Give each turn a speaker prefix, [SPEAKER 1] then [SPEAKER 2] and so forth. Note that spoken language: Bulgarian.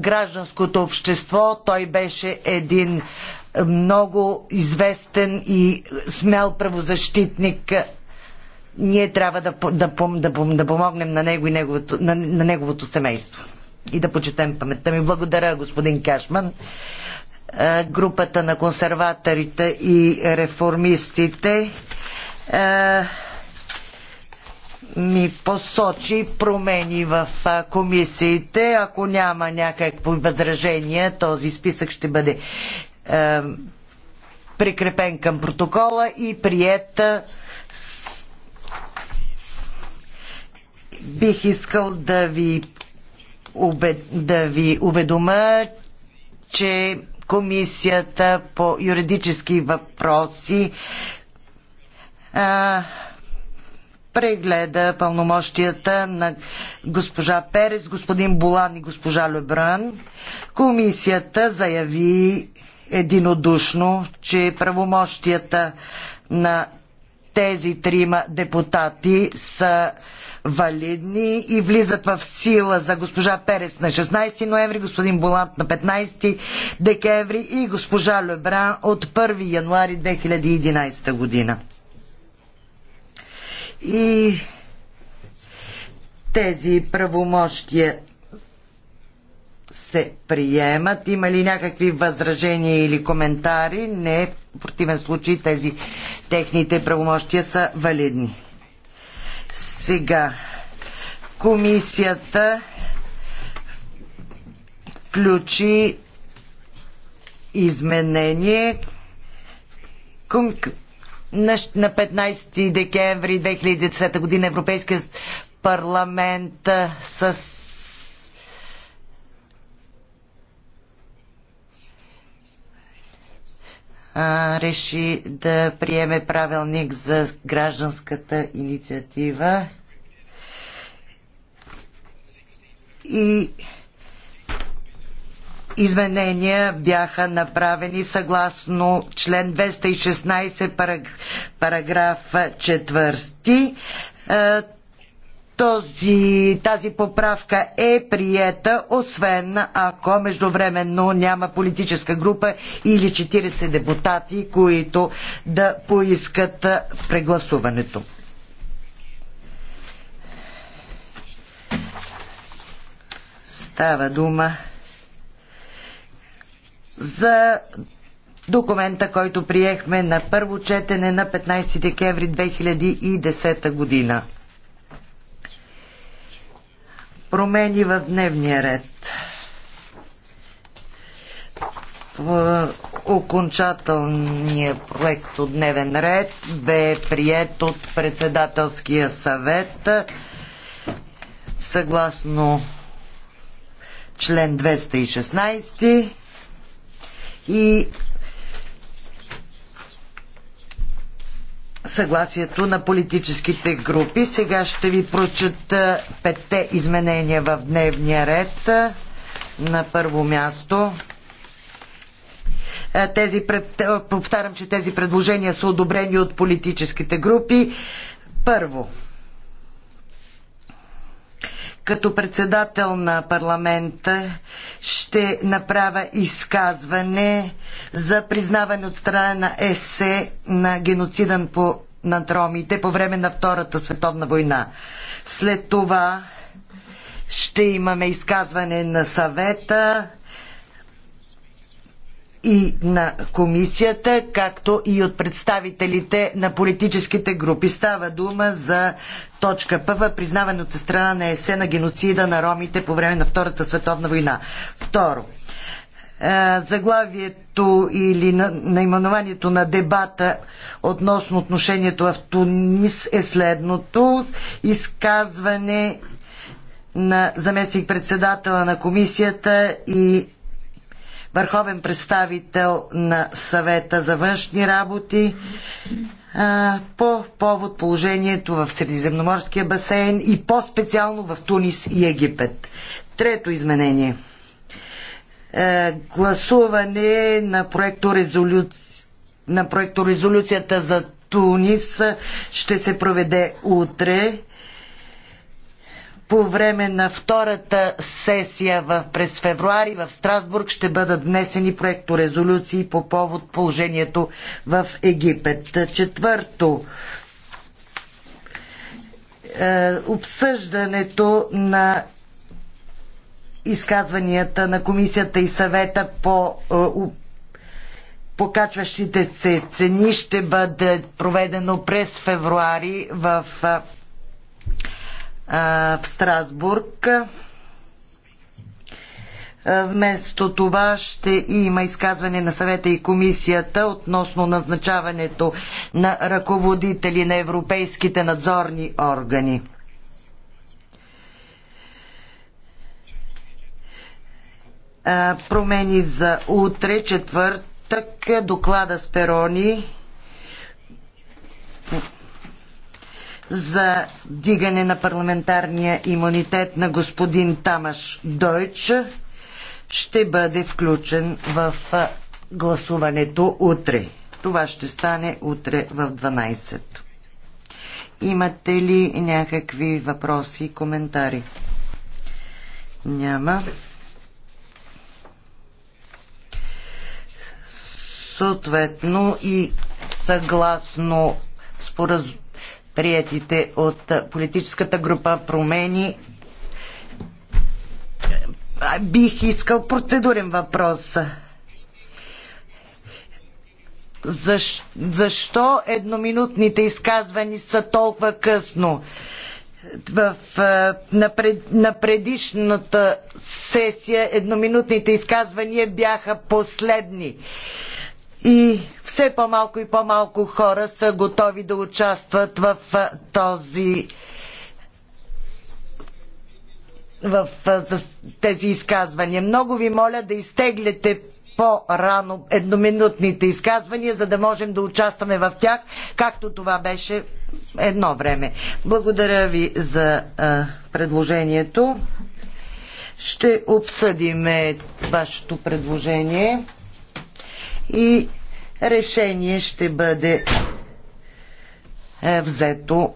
[SPEAKER 1] гражданското общество. Той беше един много известен и смел правозащитник. Ние трябва да, да, да, да помогнем на, него и неговото, на, на неговото семейство и да почетем паметта ми. Благодаря, господин Кашман. Е, групата на консерваторите и реформистите е, ми посочи промени в комисиите. Ако няма някакво възражение, този списък ще бъде е, прикрепен към протокола и приета. С... Бих искал да ви, убед... да ви уведома, че Комисията по юридически въпроси а, прегледа пълномощията на госпожа Перес, господин Болан и госпожа Лебран. Комисията заяви единодушно, че правомощията на тези трима депутати са валидни и влизат в сила за госпожа Перес на 16 ноември, господин Болант на 15 декември и госпожа Лебран от 1 януари 2011 година и тези правомощия се приемат. Има ли някакви възражения или коментари? Не. В противен случай тези техните правомощия са валидни. Сега. Комисията включи изменение, на 15 декември 2010 година Европейския парламент с реши да приеме правилник за гражданската инициатива и изменения бяха направени съгласно член 216 параграф 4. Е, този, тази поправка е приета, освен ако междувременно няма политическа група или 40 депутати, които да поискат прегласуването. Става дума за документа, който приехме на първо четене на 15 декември 2010 година. Промени в дневния ред. Окончателният проект от дневен ред бе прият от председателския съвет съгласно член 216 и съгласието на политическите групи. Сега ще ви прочета петте изменения в дневния ред. На първо място е, тези, е, повтарям, че тези предложения са одобрени от политическите групи. Първо, като председател на парламента ще направя изказване за признаване от страна на ЕС на геноциден по, над ромите по време на Втората световна война. След това ще имаме изказване на съвета, и на комисията, както и от представителите на политическите групи. Става дума за точка първа, признаване от страна на ЕСЕ на геноцида на ромите по време на Втората световна война. Второ, е, заглавието или наименованието на дебата относно отношението в Тунис е следното. Изказване на заместник председател на комисията и върховен представител на съвета за външни работи по повод положението в Средиземноморския басейн и по-специално в Тунис и Египет. Трето изменение. Е, гласуване на проекто резолюци... на проекторезолюцията за Тунис ще се проведе утре по време на втората сесия в, през февруари в Страсбург ще бъдат внесени проекторезолюции по повод положението в Египет. Четвърто, е, обсъждането на изказванията на комисията и съвета по е, покачващите се цени ще бъде проведено през февруари в е, в Страсбург. Вместо това ще има изказване на съвета и комисията относно назначаването на ръководители на европейските надзорни органи. Промени за утре, четвъртък, доклада с перони за дигане на парламентарния имунитет на господин Тамаш Дойч ще бъде включен в гласуването утре. Това ще стане утре в 12. Имате ли някакви въпроси и коментари? Няма. Съответно и съгласно споразумението приятите от политическата група промени. Бих искал процедурен въпрос. Защо, защо едноминутните изказвани са толкова късно? в, на, пред, на предишната сесия едноминутните изказвания бяха последни и все по-малко и по-малко хора са готови да участват в този в тези изказвания. Много ви моля да изтегляте по-рано едноминутните изказвания, за да можем да участваме в тях, както това беше едно време. Благодаря ви за а, предложението. Ще обсъдим вашето предложение и решение ще бъде е, взето